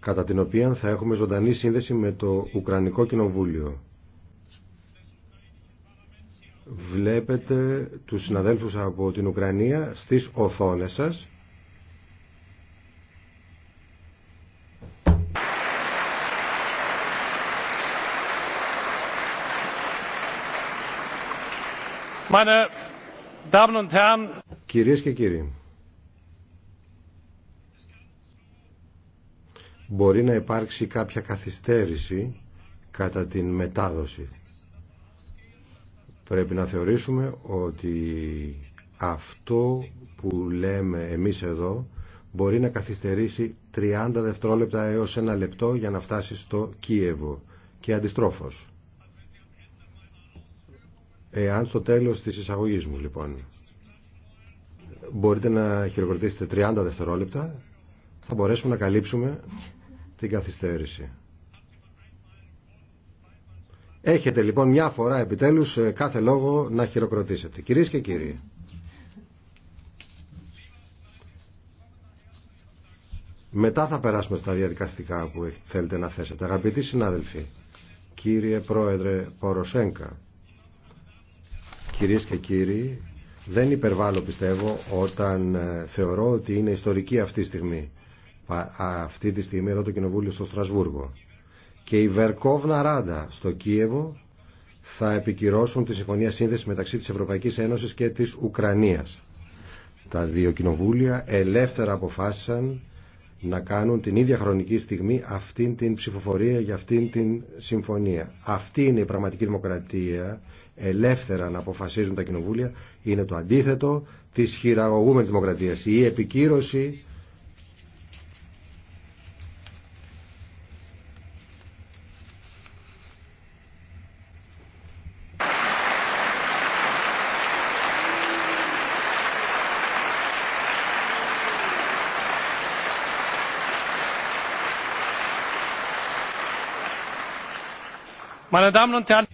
κατά την οποία θα έχουμε ζωντανή σύνδεση με το Ουκρανικό Κοινοβούλιο. Βλέπετε τους συναδέλφους από την Ουκρανία στις οθόνες σας. Meine Damen Κυρίες και κύριοι, μπορεί να υπάρξει κάποια καθυστέρηση κατά την μετάδοση. Πρέπει να θεωρήσουμε ότι αυτό που λέμε εμείς εδώ μπορεί να καθυστερήσει 30 δευτερόλεπτα έως ένα λεπτό για να φτάσει στο Κίεβο και αντιστρόφως. Εάν στο τέλος της εισαγωγής μου λοιπόν μπορείτε να χειροκροτήσετε 30 δευτερόλεπτα θα μπορέσουμε να καλύψουμε την καθυστέρηση. Έχετε λοιπόν μια φορά επιτέλους ε, κάθε λόγο να χειροκροτήσετε. Κυρίες και κύριοι. Μετά θα περάσουμε στα διαδικαστικά που θέλετε να θέσετε. Αγαπητοί συνάδελφοι, κύριε Πρόεδρε Ποροσέγκα, κυρίες και κύριοι, δεν υπερβάλλω πιστεύω όταν ε, θεωρώ ότι είναι ιστορική αυτή η στιγμή αυτή τη στιγμή εδώ το Κοινοβούλιο στο Στρασβούργο και η Βερκόβνα Ράντα στο Κίεβο θα επικυρώσουν τη συμφωνία σύνδεση μεταξύ της Ευρωπαϊκής Ένωσης και της Ουκρανίας. Τα δύο κοινοβούλια ελεύθερα αποφάσισαν να κάνουν την ίδια χρονική στιγμή αυτήν την ψηφοφορία για αυτήν την συμφωνία. Αυτή είναι η πραγματική δημοκρατία, ελεύθερα να αποφασίζουν τα κοινοβούλια, είναι το αντίθετο της χειραγωγούμενης δημοκρατίας. Η επικύρωση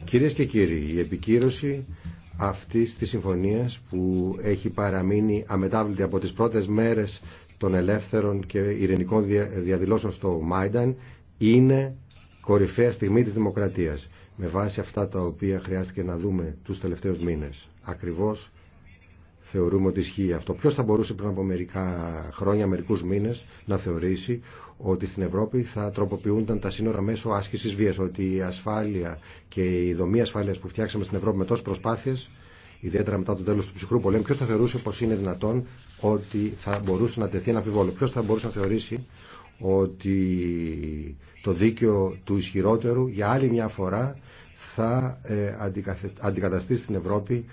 Κυρίες και κύριοι, η επικύρωση αυτής της συμφωνίας που έχει παραμείνει αμετάβλητη από τις πρώτες μέρες των ελεύθερων και ειρηνικών διαδηλώσεων στο Μάινταν είναι κορυφαία στιγμή της δημοκρατίας με βάση αυτά τα οποία χρειάστηκε να δούμε τους τελευταίους μήνες. Ακριβώς θεωρούμε ότι ισχύει αυτό. Ποιο θα μπορούσε πριν από μερικά χρόνια, μερικού μήνε, να θεωρήσει ότι στην Ευρώπη θα τροποποιούνταν τα σύνορα μέσω άσκηση βία, ότι η ασφάλεια και η δομή ασφάλεια που φτιάξαμε στην Ευρώπη με τόσε προσπάθειε, ιδιαίτερα μετά το τέλο του ψυχρού πολέμου, ποιο θα θεωρούσε πω είναι δυνατόν ότι θα μπορούσε να τεθεί ένα αμφιβόλο. Ποιο θα μπορούσε να θεωρήσει ότι το δίκαιο του ισχυρότερου για άλλη μια φορά θα ε, αντικαταστήσει στην Ευρώπη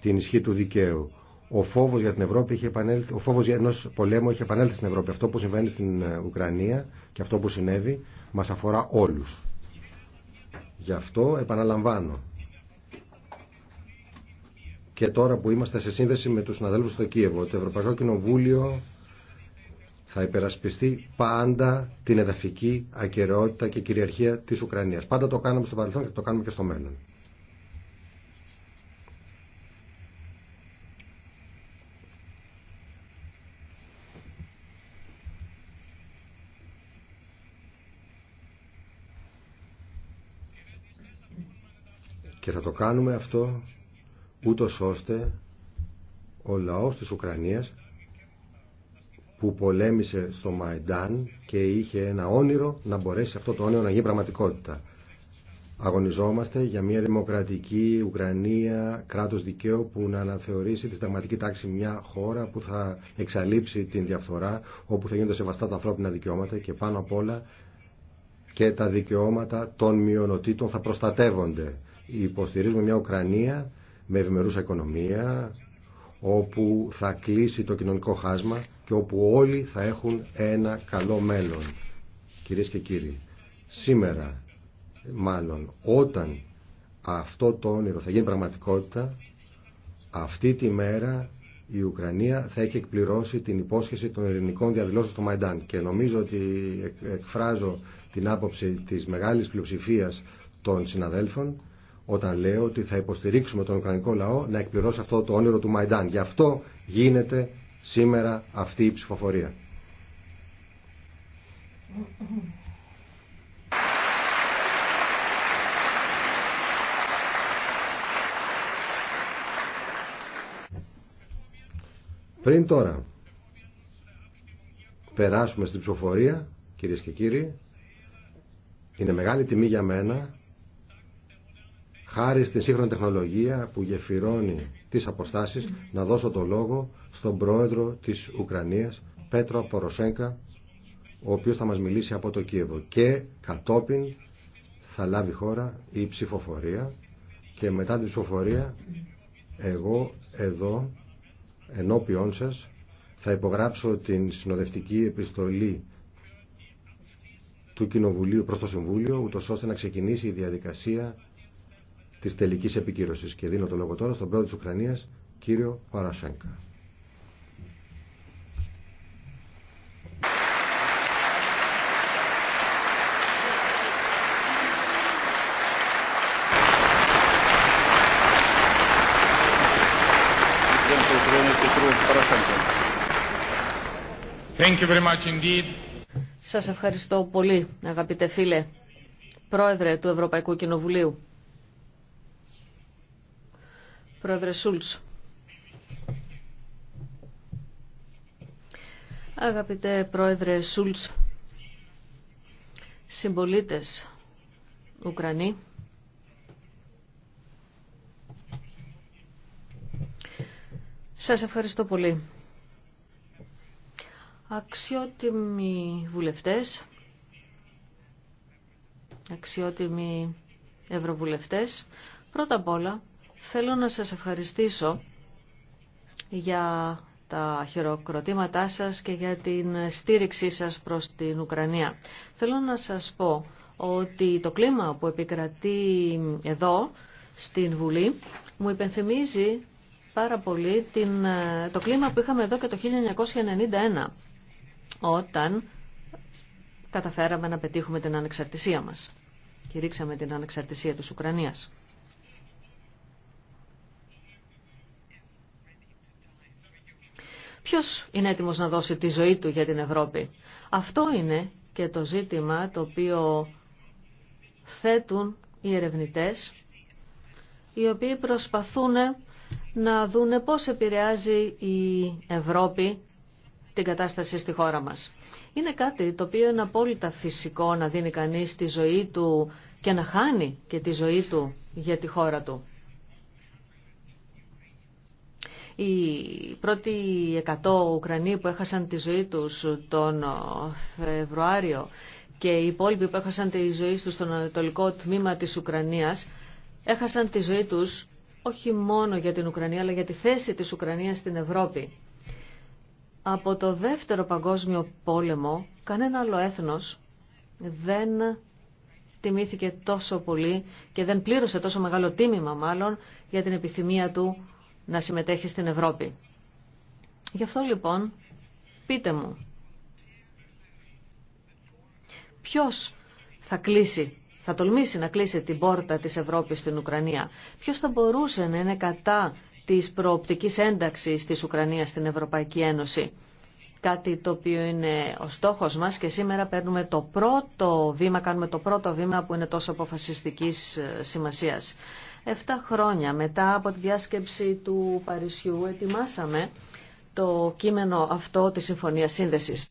την ισχύ του δικαίου. Ο φόβο για την Ευρώπη είχε επανέλθει, ο για πολέμου είχε επανέλθει στην Ευρώπη. Αυτό που συμβαίνει στην ε, Ουκρανία και αυτό που συνέβη μα αφορά όλου. Γι' αυτό επαναλαμβάνω. Και τώρα που είμαστε σε σύνδεση με τους συναδέλφους στο Κίεβο, το Ευρωπαϊκό Κοινοβούλιο θα υπερασπιστεί πάντα την εδαφική ακαιρεότητα και κυριαρχία της Ουκρανίας. Πάντα το κάναμε στο παρελθόν και το κάνουμε και στο μέλλον. Και θα το κάνουμε αυτό ούτω ώστε ο λαός της Ουκρανίας που πολέμησε στο Μαϊντάν και είχε ένα όνειρο να μπορέσει αυτό το όνειρο να γίνει πραγματικότητα. Αγωνιζόμαστε για μια δημοκρατική Ουκρανία, κράτος δικαίου που να αναθεωρήσει τη σταγματική τάξη μια χώρα που θα εξαλείψει την διαφθορά, όπου θα γίνονται σεβαστά τα ανθρώπινα δικαιώματα και πάνω απ' όλα και τα δικαιώματα των μειονοτήτων θα προστατεύονται υποστηρίζουμε μια Ουκρανία με ευημερούσα οικονομία, όπου θα κλείσει το κοινωνικό χάσμα και όπου όλοι θα έχουν ένα καλό μέλλον. Κυρίες και κύριοι, σήμερα μάλλον όταν αυτό το όνειρο θα γίνει πραγματικότητα, αυτή τη μέρα η Ουκρανία θα έχει εκπληρώσει την υπόσχεση των ελληνικών διαδηλώσεων στο Μαϊντάν. Και νομίζω ότι εκφράζω την άποψη της μεγάλης πλειοψηφίας των συναδέλφων όταν λέω ότι θα υποστηρίξουμε τον Ουκρανικό λαό να εκπληρώσει αυτό το όνειρο του Μαϊντάν. Γι' αυτό γίνεται σήμερα αυτή η ψηφοφορία. Πριν τώρα περάσουμε στην ψηφοφορία, κυρίες και κύριοι, είναι μεγάλη τιμή για μένα χάρη στη σύγχρονη τεχνολογία που γεφυρώνει τις αποστάσεις, να δώσω το λόγο στον πρόεδρο της Ουκρανίας, Πέτρο Ποροσέγκα, ο οποίος θα μας μιλήσει από το Κίεβο. Και κατόπιν θα λάβει χώρα η ψηφοφορία και μετά την ψηφοφορία εγώ εδώ ενώπιόν σας θα υπογράψω την συνοδευτική επιστολή του Κοινοβουλίου προς το Συμβούλιο, ούτως ώστε να ξεκινήσει η διαδικασία της τελικής επικύρωσης. Και δίνω το λόγο τώρα στον πρόεδρο της Ουκρανίας, κύριο Παρασένκα. Thank you very much indeed. Σας ευχαριστώ πολύ, αγαπητέ φίλε, πρόεδρε του Ευρωπαϊκού Κοινοβουλίου. Πρόεδρε Σούλτς. Αγαπητέ Πρόεδρε Σούλτς, συμπολίτες Ουκρανοί, σας ευχαριστώ πολύ. Αξιότιμοι βουλευτές, αξιότιμοι ευρωβουλευτές, πρώτα απ' όλα Θέλω να σας ευχαριστήσω για τα χειροκροτήματά σας και για την στήριξή σας προς την Ουκρανία. Θέλω να σας πω ότι το κλίμα που επικρατεί εδώ, στην Βουλή, μου υπενθυμίζει πάρα πολύ την, το κλίμα που είχαμε εδώ και το 1991, όταν καταφέραμε να πετύχουμε την ανεξαρτησία μας. Κηρύξαμε την ανεξαρτησία της Ουκρανίας. Ποιος είναι έτοιμος να δώσει τη ζωή του για την Ευρώπη. Αυτό είναι και το ζήτημα το οποίο θέτουν οι ερευνητές, οι οποίοι προσπαθούν να δούνε πώς επηρεάζει η Ευρώπη την κατάσταση στη χώρα μας. Είναι κάτι το οποίο είναι απόλυτα φυσικό να δίνει κανείς τη ζωή του και να χάνει και τη ζωή του για τη χώρα του. Οι πρώτοι 100 Ουκρανοί που έχασαν τη ζωή τους τον Φεβρουάριο και οι υπόλοιποι που έχασαν τη ζωή τους στον ανατολικό τμήμα της Ουκρανίας έχασαν τη ζωή τους όχι μόνο για την Ουκρανία αλλά για τη θέση της Ουκρανίας στην Ευρώπη. Από το δεύτερο παγκόσμιο πόλεμο κανένα άλλο έθνος δεν τιμήθηκε τόσο πολύ και δεν πλήρωσε τόσο μεγάλο τίμημα μάλλον για την επιθυμία του να συμμετέχει στην Ευρώπη. Γι' αυτό λοιπόν πείτε μου, ποιος θα κλείσει, θα τολμήσει να κλείσει την πόρτα της Ευρώπης στην Ουκρανία, ποιος θα μπορούσε να είναι κατά της προοπτικής ένταξης της Ουκρανίας στην Ευρωπαϊκή Ένωση. Κάτι το οποίο είναι ο στόχος μας και σήμερα παίρνουμε το πρώτο βήμα, κάνουμε το πρώτο βήμα που είναι τόσο αποφασιστικής ε, σημασίας. Εφτά χρόνια μετά από τη διάσκεψη του Παρισιού ετοιμάσαμε το κείμενο αυτό της Συμφωνίας Σύνδεσης.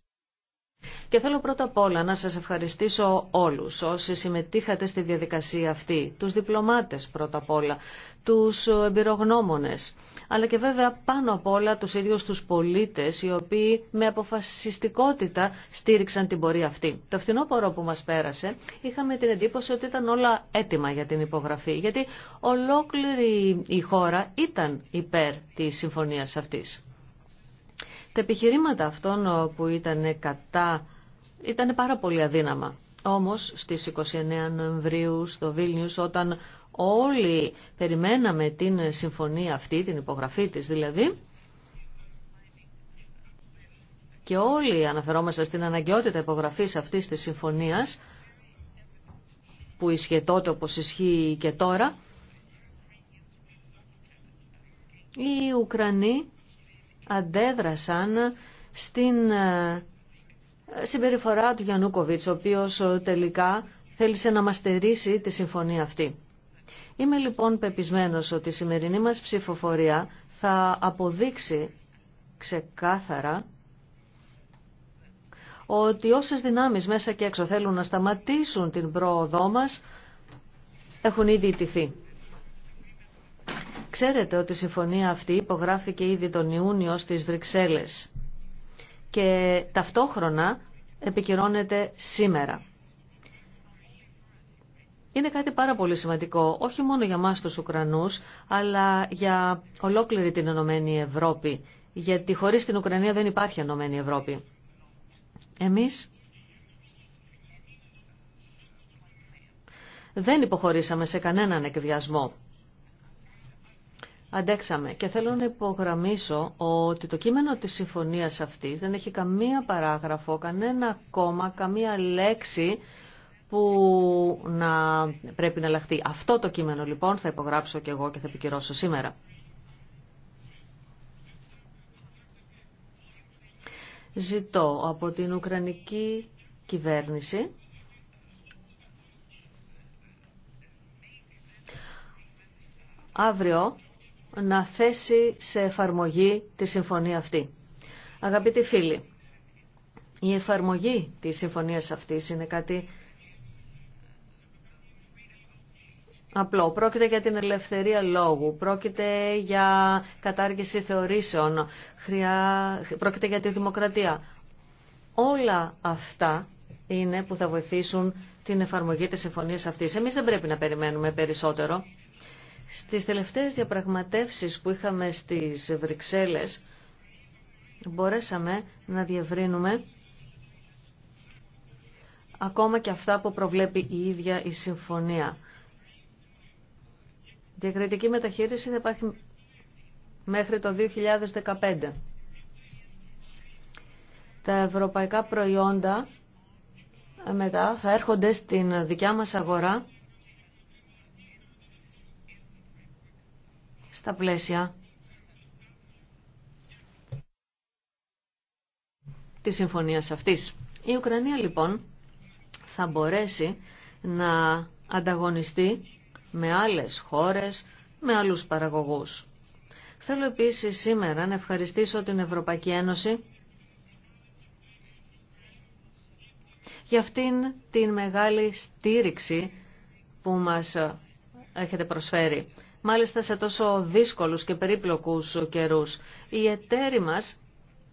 Και θέλω πρώτα απ' όλα να σας ευχαριστήσω όλους όσοι συμμετείχατε στη διαδικασία αυτή, τους διπλωμάτες πρώτα απ' όλα, τους εμπειρογνώμονες, αλλά και βέβαια πάνω απ' όλα τους ίδιους τους πολίτες οι οποίοι με αποφασιστικότητα στήριξαν την πορεία αυτή. Το φθινόπωρο που μας πέρασε είχαμε την εντύπωση ότι ήταν όλα έτοιμα για την υπογραφή, γιατί ολόκληρη η χώρα ήταν υπέρ της συμφωνίας αυτής. Τα επιχειρήματα αυτών που ήταν κατά ήταν πάρα πολύ αδύναμα. Όμως στις 29 Νοεμβρίου στο Βίλνιους όταν όλοι περιμέναμε την συμφωνία αυτή, την υπογραφή της δηλαδή, και όλοι αναφερόμαστε στην αναγκαιότητα υπογραφής αυτής της συμφωνίας, που ισχύει τότε όπως ισχύει και τώρα, οι Ουκρανοί αντέδρασαν στην ε, συμπεριφορά του Γιαννούκοβιτς, ο οποίος ε, τελικά θέλησε να μας στερήσει τη συμφωνία αυτή. Είμαι λοιπόν πεπισμένος ότι η σημερινή μας ψηφοφορία θα αποδείξει ξεκάθαρα ότι όσες δυνάμεις μέσα και έξω θέλουν να σταματήσουν την πρόοδό μας έχουν ήδη ιτηθεί. Ξέρετε ότι η συμφωνία αυτή υπογράφηκε ήδη τον Ιούνιο στις Βρυξέλλες και ταυτόχρονα επικυρώνεται σήμερα. Είναι κάτι πάρα πολύ σημαντικό, όχι μόνο για μας τους Ουκρανούς, αλλά για ολόκληρη την Ενωμένη Ευρώπη, γιατί χωρίς την Ουκρανία δεν υπάρχει Ενωμένη Ευρώπη. Εμείς δεν υποχωρήσαμε σε κανέναν εκβιασμό αντέξαμε. Και θέλω να υπογραμμίσω ότι το κείμενο της συμφωνίας αυτής δεν έχει καμία παράγραφο, κανένα κόμμα, καμία λέξη που να πρέπει να αλλάχθεί. Αυτό το κείμενο λοιπόν θα υπογράψω και εγώ και θα επικυρώσω σήμερα. Ζητώ από την Ουκρανική κυβέρνηση αύριο να θέσει σε εφαρμογή τη συμφωνία αυτή. Αγαπητοί φίλοι, η εφαρμογή της συμφωνίας αυτής είναι κάτι απλό. Πρόκειται για την ελευθερία λόγου, πρόκειται για κατάργηση θεωρήσεων, πρόκειται για τη δημοκρατία. Όλα αυτά είναι που θα βοηθήσουν την εφαρμογή της συμφωνίας αυτής. Εμείς δεν πρέπει να περιμένουμε περισσότερο. Στις τελευταίες διαπραγματεύσεις που είχαμε στις Βρυξέλλες μπορέσαμε να διευρύνουμε ακόμα και αυτά που προβλέπει η ίδια η συμφωνία. Διακριτική μεταχείριση θα υπάρχει μέχρι το 2015. Τα ευρωπαϊκά προϊόντα ε, μετά θα έρχονται στην δικιά μας αγορά στα πλαίσια της συμφωνίας αυτής. Η Ουκρανία λοιπόν θα μπορέσει να ανταγωνιστεί με άλλες χώρες, με άλλους παραγωγούς. Θέλω επίσης σήμερα να ευχαριστήσω την Ευρωπαϊκή Ένωση για αυτήν την μεγάλη στήριξη που μας έχετε προσφέρει μάλιστα σε τόσο δύσκολους και περίπλοκους καιρούς. Οι εταίροι μας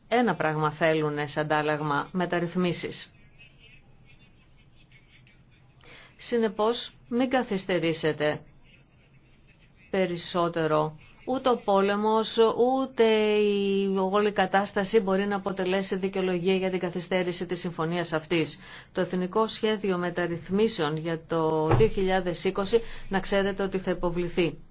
ένα πράγμα θέλουν σε αντάλλαγμα μεταρρυθμίσεις. Συνεπώς, μην καθυστερήσετε περισσότερο. Ούτε ο πόλεμος, ούτε η όλη κατάσταση μπορεί να αποτελέσει δικαιολογία για την καθυστέρηση της συμφωνίας αυτής. Το Εθνικό Σχέδιο Μεταρρυθμίσεων για το 2020 να ξέρετε ότι θα υποβληθεί.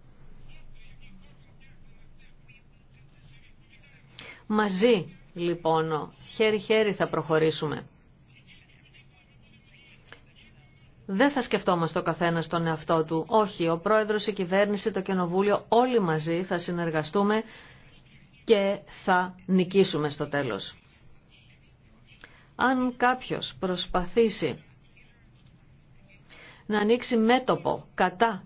Μαζί λοιπόν, χέρι-χέρι θα προχωρήσουμε. Δεν θα σκεφτόμαστε ο καθένα τον εαυτό του. Όχι, ο πρόεδρο, η κυβέρνηση, το κοινοβούλιο, όλοι μαζί θα συνεργαστούμε και θα νικήσουμε στο τέλος. Αν κάποιος προσπαθήσει να ανοίξει μέτωπο κατά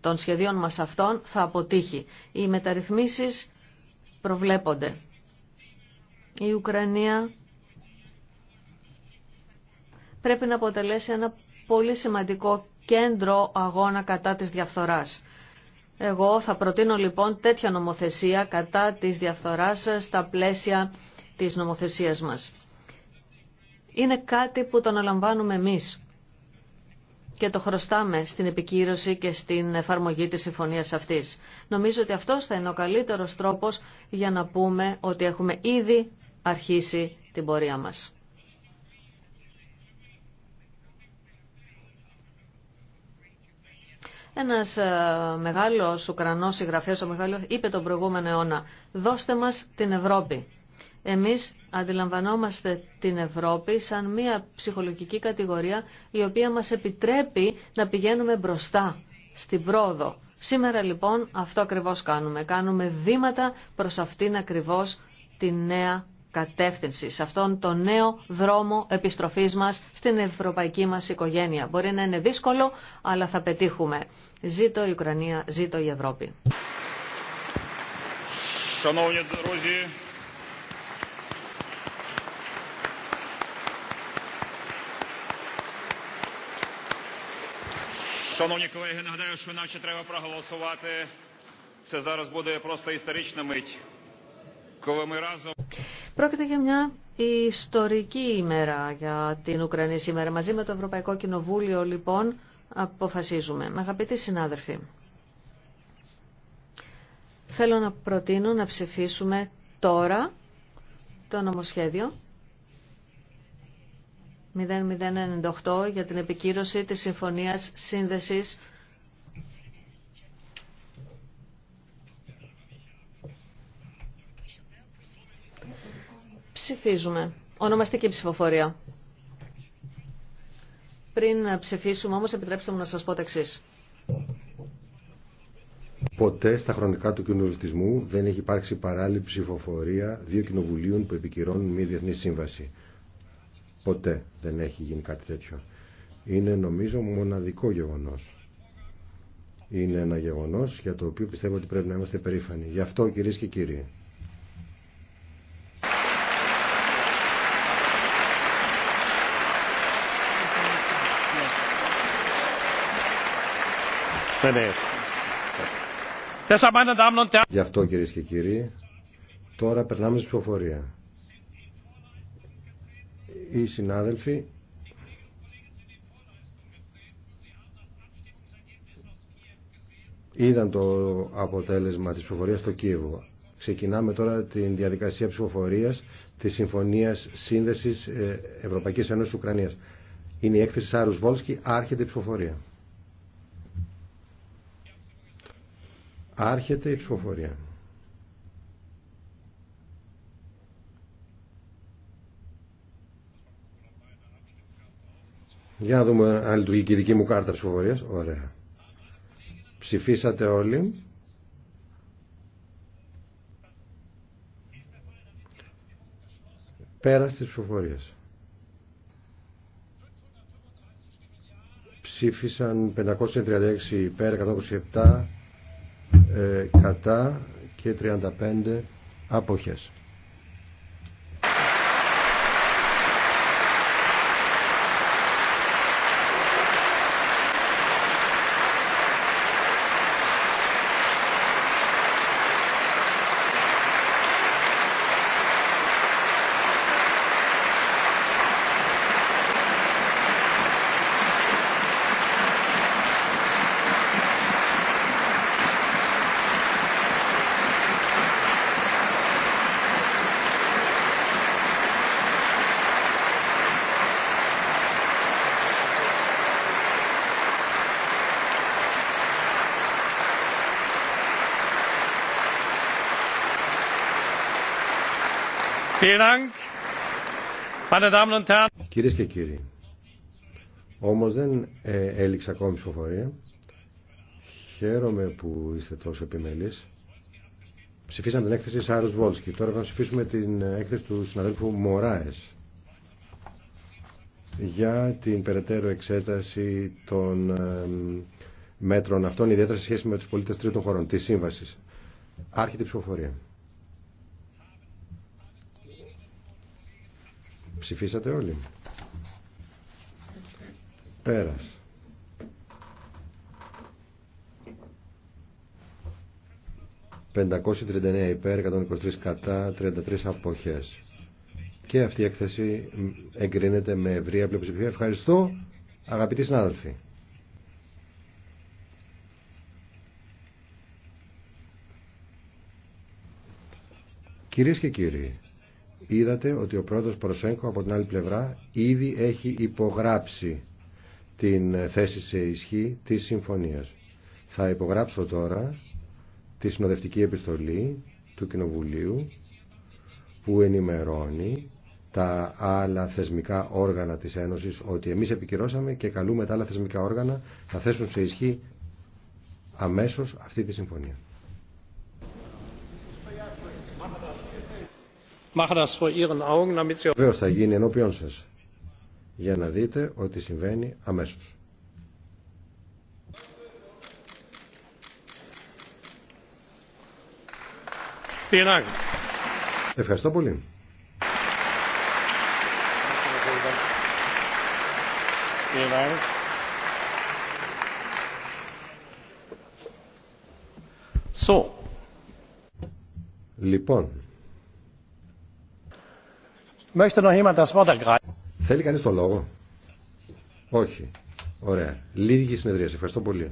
των σχεδίων μας αυτών, θα αποτύχει. Οι μεταρρυθμίσεις προβλέπονται η Ουκρανία πρέπει να αποτελέσει ένα πολύ σημαντικό κέντρο αγώνα κατά της διαφθοράς. Εγώ θα προτείνω λοιπόν τέτοια νομοθεσία κατά της διαφθοράς στα πλαίσια της νομοθεσίας μας. Είναι κάτι που το αναλαμβάνουμε εμείς και το χρωστάμε στην επικύρωση και στην εφαρμογή της συμφωνίας αυτής. Νομίζω ότι αυτός θα είναι ο καλύτερος τρόπος για να πούμε ότι έχουμε ήδη αρχίσει την πορεία μας. Ένας ε, μεγάλος Ουκρανός συγγραφέας, ο Μιχάλης, είπε τον προηγούμενο αιώνα «Δώστε μας την Ευρώπη». Εμείς αντιλαμβανόμαστε την Ευρώπη σαν μια ψυχολογική κατηγορία η οποία μας επιτρέπει να πηγαίνουμε μπροστά, στην πρόοδο. Σήμερα λοιπόν αυτό ακριβώς κάνουμε. Κάνουμε βήματα προς αυτήν ακριβώς την νέα κατεύθυνση, σε αυτόν τον νέο δρόμο επιστροφής μας στην ευρωπαϊκή μας οικογένεια. Μπορεί να είναι δύσκολο, αλλά θα πετύχουμε. Ζήτω η Ουκρανία, ζήτω η Ευρώπη. Шановні колеги, нагадаю, що нам ще треба проголосувати. Це зараз буде просто історична мить, коли ми разом. Πρόκειται για μια ιστορική ημέρα για την Ουκρανία σήμερα. Μαζί με το Ευρωπαϊκό Κοινοβούλιο λοιπόν αποφασίζουμε. Με αγαπητοί συνάδελφοι, θέλω να προτείνω να ψηφίσουμε τώρα το νομοσχέδιο 0098 για την επικύρωση της Συμφωνίας Σύνδεσης Ψηφίζουμε. Ονομαστική ψηφοφορία. Πριν ψηφίσουμε όμως επιτρέψτε μου να σας πω τα εξής. Ποτέ στα χρονικά του κοινοβουλευτισμού δεν έχει υπάρξει παράλληλη ψηφοφορία δύο κοινοβουλίων που επικυρώνουν μια διεθνή σύμβαση. Ποτέ δεν έχει γίνει κάτι τέτοιο. Είναι νομίζω μοναδικό γεγονός. Είναι ένα γεγονός για το οποίο πιστεύω ότι πρέπει να είμαστε περήφανοι. Γι' αυτό κυρίες και κύριοι Ναι, ναι. Γι' αυτό κύριε και κύριοι, τώρα περνάμε στην ψηφοφορία. Οι συνάδελφοι είδαν το αποτέλεσμα της ψηφοφορίας στο Κίεβο. Ξεκινάμε τώρα την διαδικασία ψηφοφορίας της Συμφωνίας Σύνδεσης ε, Ευρωπαϊκής Ένωσης Ουκρανίας. Είναι η έκθεση Σάρους Βόλσκι, άρχεται η ψηφοφορία. Άρχεται η ψηφοφορία. Για να δούμε αν λειτουργεί και η δική μου κάρτα ψηφοφορίας. Ωραία. Ψηφίσατε όλοι. Πέρα στις ψηφοφορίες. Ψήφισαν 536 υπέρ, 127 ε, κατά και 35 αποχές. Κυρίε και κύριοι, όμω δεν ε, έληξε ακόμη ψηφοφορία. Χαίρομαι που είστε τόσο επιμελεί. Ψηφίσαμε την έκθεση Σάρου Βόλσκι. Τώρα θα ψηφίσουμε την έκθεση του συναδέλφου Μωράε για την περαιτέρω εξέταση των ε, μέτρων αυτών, ιδιαίτερα σε σχέση με του πολίτε τρίτων χωρών τη Σύμβαση. Άρχεται η ψηφοφορία. Ψηφίσατε όλοι. Πέρας. ...539 υπέρ, 123 κατά, 33 αποχές. Και αυτή η έκθεση εγκρίνεται με ευρία πλειοψηφία. Ευχαριστώ, αγαπητοί συνάδελφοι. Κυρίες και κύριοι, είδατε ότι ο πρόεδρος Προσέγκο από την άλλη πλευρά ήδη έχει υπογράψει την θέση σε ισχύ της συμφωνίας. Θα υπογράψω τώρα τη συνοδευτική επιστολή του Κοινοβουλίου που ενημερώνει τα άλλα θεσμικά όργανα της Ένωσης ότι εμείς επικυρώσαμε και καλούμε τα άλλα θεσμικά όργανα να θέσουν σε ισχύ αμέσως αυτή τη συμφωνία. Βεβαίω θα γίνει ενώπιον σα για να δείτε ότι συμβαίνει αμέσω. Ευχαριστώ πολύ. Λοιπόν. Θέλει κανείς το λόγο. Όχι. Ωραία. Λίγη συνεδρίαση. Ευχαριστώ πολύ.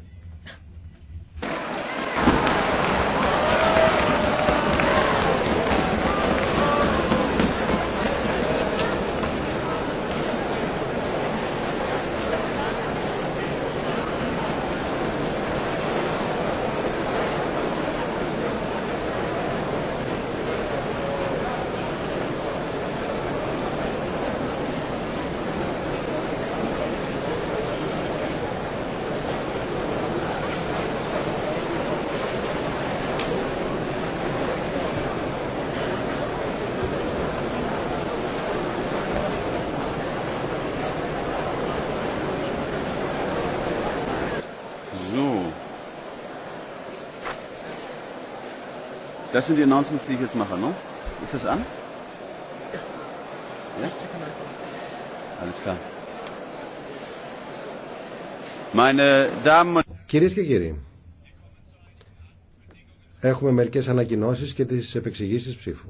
Das sind Announcements, die ich jetzt mache, ne? Ist das Κυρίες και κύριοι, έχουμε μερικές ανακοινώσεις και τις επεξηγήσει ψήφου.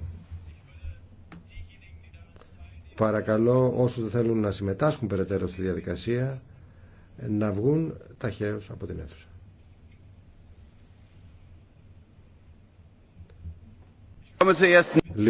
Παρακαλώ όσους δεν θέλουν να συμμετάσχουν περαιτέρω στη διαδικασία να βγουν ταχαίως από την αίθουσα. kommen